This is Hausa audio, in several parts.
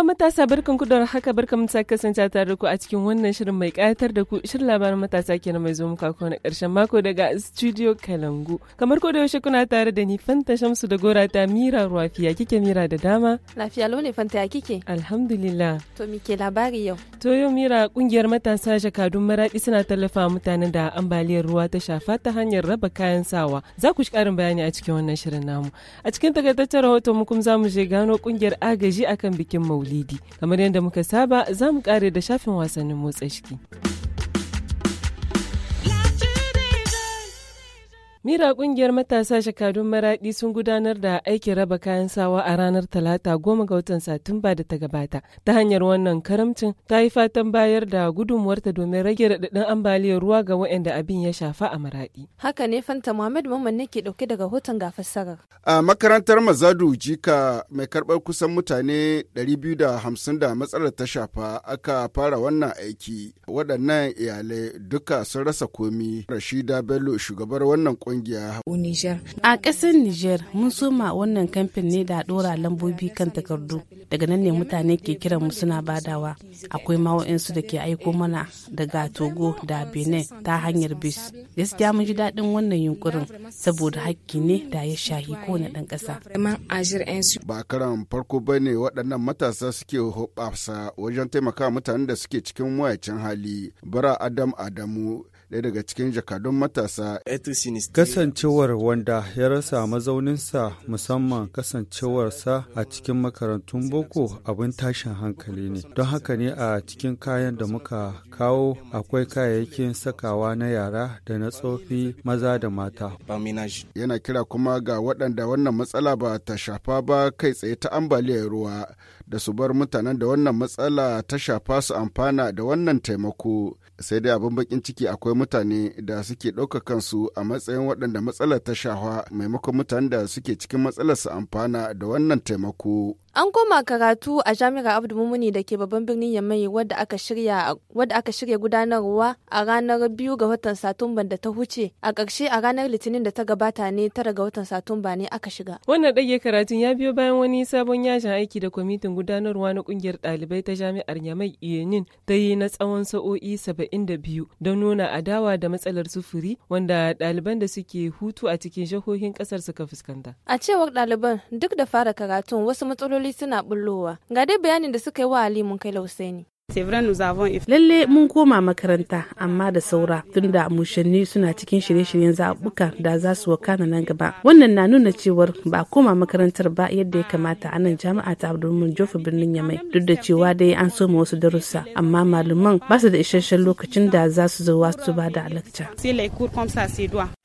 Jama'a matasa barkan ku da haka barkan ta kasance tare da ku a cikin wannan shirin mai kayatar da ku shirin labarin matasa kenan mai zo muka na karshen mako daga studio Kalangu. Kamar ko da yaushe kuna tare da ni Fanta Shamsu da Gora ta Mira Rafiya kike Mira da dama. Lafiya ne Fanta ya kike? Alhamdulillah. To mi ke labari yau? To yau Mira kungiyar matasa shakadun maraɗi suna tallafa mutane da ambaliyar ruwa ta shafa ta hanyar raba kayan sawa. Za ku shi karin bayani a cikin wannan shirin namu. A cikin takaitaccen rahoton mu kuma za mu je gano kungiyar agaji akan bikin Maulidi. Maulidi. Kamar yadda muka saba za mu kare da shafin wasannin motsa jiki. Mira kungiyar matasa shakadun maraɗi sun gudanar da aikin raba kayan sawa a ranar talata goma ga watan satumba da ta gabata. Ta hanyar wannan karamcin ta yi fatan bayar da gudunmuwarta domin rage raɗaɗin ambaliyar ruwa ga waɗanda abin ya shafa a maraɗi. Haka ne Fanta Muhammad Mamman ke ɗauke daga hoton ga fassara. A makarantar Mazadu Jika mai karbar kusan mutane 250 da matsalar ta shafa aka fara wannan aiki. Waɗannan iyalai duka sun rasa komi. Rashida Bello shugabar wannan kungiya. Niger. A ƙasar Niger mun soma wannan kamfen ne da ɗora lambobi kan takardu. Daga nan ne mutane ke kiran mu suna badawa. Akwai ma da ke aiko mana daga Togo da Benin ta hanyar bis. Gaskiya mun ji daɗin wannan yunkurin saboda hakki ne da ya shahi kowane ɗan ƙasa. Ba karan farko ba ne waɗannan matasa suke hoɓasa wajen taimaka mutanen da suke cikin wayacin hali. Bara Adam Adamu ɗaya daga cikin jakadun matasa. Kasancewar wanda ya rasa mazauninsa musamman kasancewarsa a cikin makarantun boko abin tashin hankali ne. Don haka ne a cikin kayan da muka kawo akwai kayayyakin sakawa na yara da na tsofi maza da mata. Yana kira kuma ga waɗanda wannan matsala ba ta shafa ba kai tsaye ta ambaliyar ruwa da su bar mutanen da wannan matsala ta shafa su amfana da wannan taimako. Sai dai abin bakin ciki akwai mutane da suke ɗauka kansu a matsayin waɗanda matsalar ta shawa maimakon mutane da suke cikin matsalar su amfana da wannan taimako. An koma karatu a Jami'ar Abdu Mumuni da ke babban birnin Yamai wadda aka shirya gudanarwa a ranar biyu ga watan Satumba da ta huce. A ƙarshe a ranar Litinin da ta gabata ne tara ga watan Satumba ne aka shiga. Wannan ɗage karatun ya biyo bayan wani sabon yajin aiki da kwamitin gudanarwa na ƙungiyar ɗalibai ta Jami'ar Yamai Iyenin ta yi na tsawon sa'o'i saba'in da biyu don nuna adawa da matsalar sufuri wanda ɗaliban da suke hutu a cikin jihohin ƙasar suka fuskanta. A cewar ɗaliban duk da fara karatun wasu matsaloli matsaloli suna bullowa. Ga dai bayanin da suka yi wa Ali mun kai lauseni. Lalle mun koma makaranta amma da saura tunda mushanni suna cikin shirye-shiryen zaɓuka da za su wakana nan gaba. Wannan na nuna cewar ba koma makarantar ba yadda ya kamata a nan jami'a ta mun Jofa birnin Yamai duk da cewa dai an soma wasu darussa amma malaman ba su da isasshen lokacin da za su zo su ba da alakta.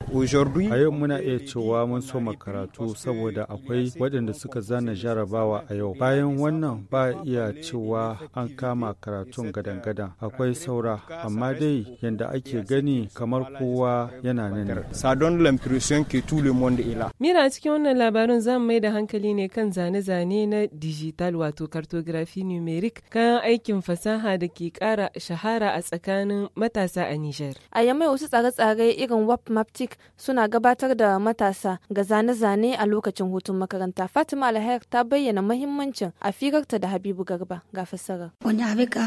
A yau muna iya cewa mun so karatu saboda akwai waɗanda suka zana jarabawa a yau. Bayan wannan ba iya cewa an kama karatu karatun uh, akwai saura amma dai yadda ake gani kamar kowa uh, yana nan mira cikin wannan labarin za mu mai da hankali ne kan zane-zane na digital wato cartography numeric kayan aikin fasaha da ke kara shahara a tsakanin matasa a niger a yamai wasu tsare-tsare irin wap suna gabatar da matasa ga zane-zane a lokacin hutun makaranta fatima alhair ta bayyana muhimmancin a firarta da habibu garba ga fassara wani abika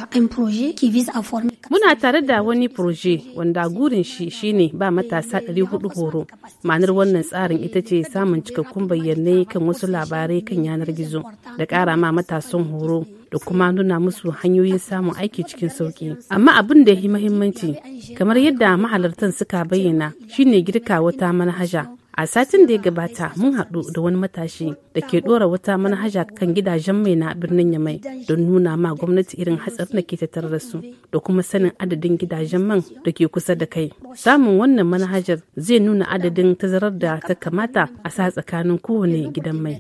Muna tare da wani proje wanda gurin shi shine ba matasa 400 horo. Ma'anar wannan tsarin ita ce samun cikakkun bayyanai kan wasu labarai kan yanar gizo da ƙara ma matasan horo da kuma nuna musu hanyoyin samun aiki cikin sauki. Amma abin da ya yi mahimmanci kamar yadda mahalartan suka bayyana shine girka wata manhaja A satin da ya gabata mun haɗu da wani matashi da ke ɗora wata manhaja kan gidajen mai na birnin Yamai don nuna ma gwamnati irin hatsarin da ke tattare da su da kuma sanin adadin gidajen man da ke kusa da kai. Samun wannan manhajar zai nuna adadin tazarar da ta kamata a sa tsakanin kowane gidan mai.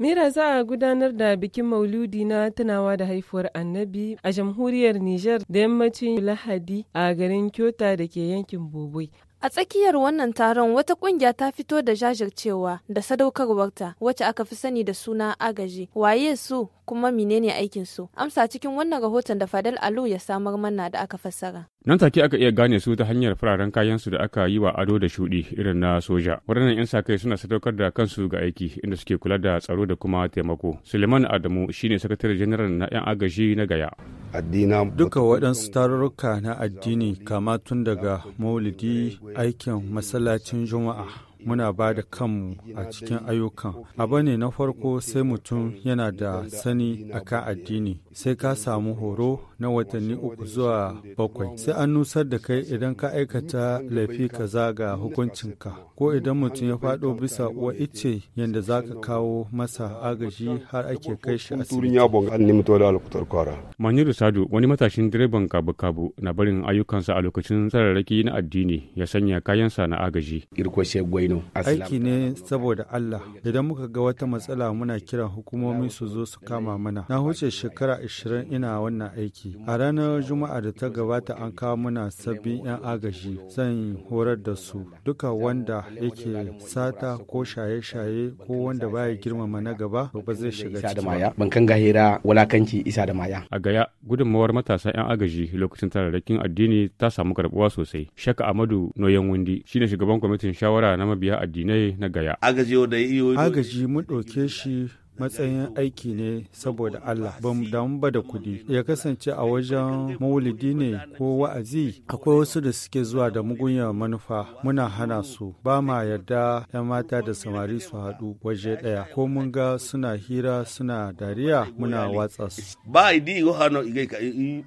Mira za a gudanar da bikin mauludi na tunawa da haifuwar annabi a jamhuriyar Nijar da yammacin Lahadi a garin Kyota da ke yankin Boboi. A tsakiyar wannan taron wata kungiya ta fito da jajircewa da sadaukarwarta wacce aka fi sani da suna agaji. Waye su kuma menene aikin su amsa cikin wannan rahoton da Fadal Alu ya samar mana da aka fassara nan take aka iya gane su ta hanyar fararen kayan su da aka yi wa ado da shudi irin na soja waɗannan yan sa kai suna sadaukar da kansu ga aiki inda suke kula da tsaro da kuma taimako Suleiman Adamu shine sakatare general na yan agaji na Gaya duka waɗansu tarurruka na addini kama tun daga maulidi aikin masallacin juma'a muna ba da kanmu a cikin ayyukan abu ne na farko sai mutum yana da sani a kan addini sai ka samu horo na watanni uku zuwa bakwai sai an nusar da kai idan ka aikata laifi kaza ga hukuncinka ko idan mutum ya faɗo bisa wa ice yadda za ka kawo masa agaji har ake kai shi asibiti. Sadu wani matashin direban kabu na barin ayyukansa a lokacin tsararraki na addini ya sanya kayansa na agaji. aiki ne saboda Allah idan muka ga wata matsala muna kiran hukumomi su zo su kama mana na huce shekara 20 ina wannan aiki a ranar juma'a da ta gabata an kawo muna sabbin 'yan agaji zan horar da su duka wanda yake sata ko shaye-shaye ko wanda baya girmama na gaba ba zai shiga ciki bankan gahira walakanci isa da maya a gaya gudunmawar matasa 'yan agaji lokacin tararrakin addini ta samu karbuwa sosai shaka amadu noyan wundi shine shugaban kwamitin shawara na mabiya addinai na gaya agaji mun ɗauke shi matsayin aiki ne saboda Allah ba mu ba da kudi. ya kasance a wajen maulidi ne ko wa'azi akwai wasu da suke zuwa da mugunya manufa muna hana su ba ma yarda ya mata da samari su haɗu waje ɗaya ko mun ga suna hira suna dariya muna watsa su ba idi yi hano igai ka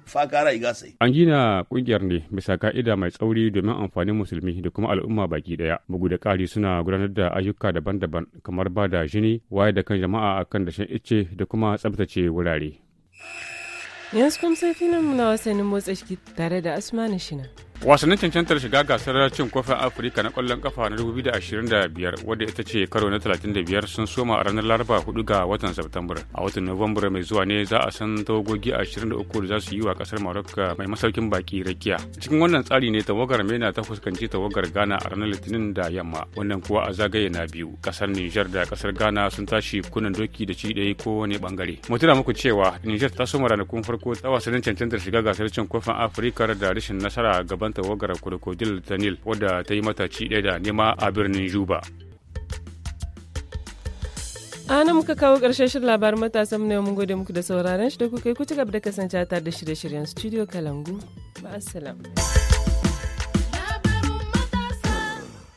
fakara iga sai an gina kungiyar ne bisa ka'ida mai tsauri domin amfanin musulmi da kuma al'umma baki ɗaya bugu da ƙari suna gudanar da ayyuka daban-daban kamar ba da jini waye da kan jama'a kan dashen ice da kuma tsabtace wurare. Yanzu kuma sai filin muna wasannin motsa jiki tare da Asma Shina. wasannin cancantar shiga gasar cin kofin afirka na kwallon kafa na 2025 wadda ita ce karo na 35 sun soma a ranar laraba 4 ga watan september a watan nuwambar mai zuwa ne za a san tawagogi 23 da za su yi wa kasar marokka mai masaukin baki rakiya cikin wannan tsari ne tawagar mena ta fuskanci tawagar ghana a ranar litinin da yamma wannan kuwa a zagaye na biyu kasar niger da kasar ghana sun tashi kunan doki da ci ko kowane bangare mu tuna muku cewa niger ta soma ranakun farko ta wasannin cancantar shiga gasar cin kofin afirka da rashin nasara gaban bayan tawagar crocodile ta nil wadda ta yi mata ci ɗaya da nema a birnin juba ana muka kawo ƙarshen shirin labarin matasa mu mun gode muku da sauraron shi da kuka yi ku ci gaba da kasance tare da shirye-shiryen studio kalangu ma'assalam.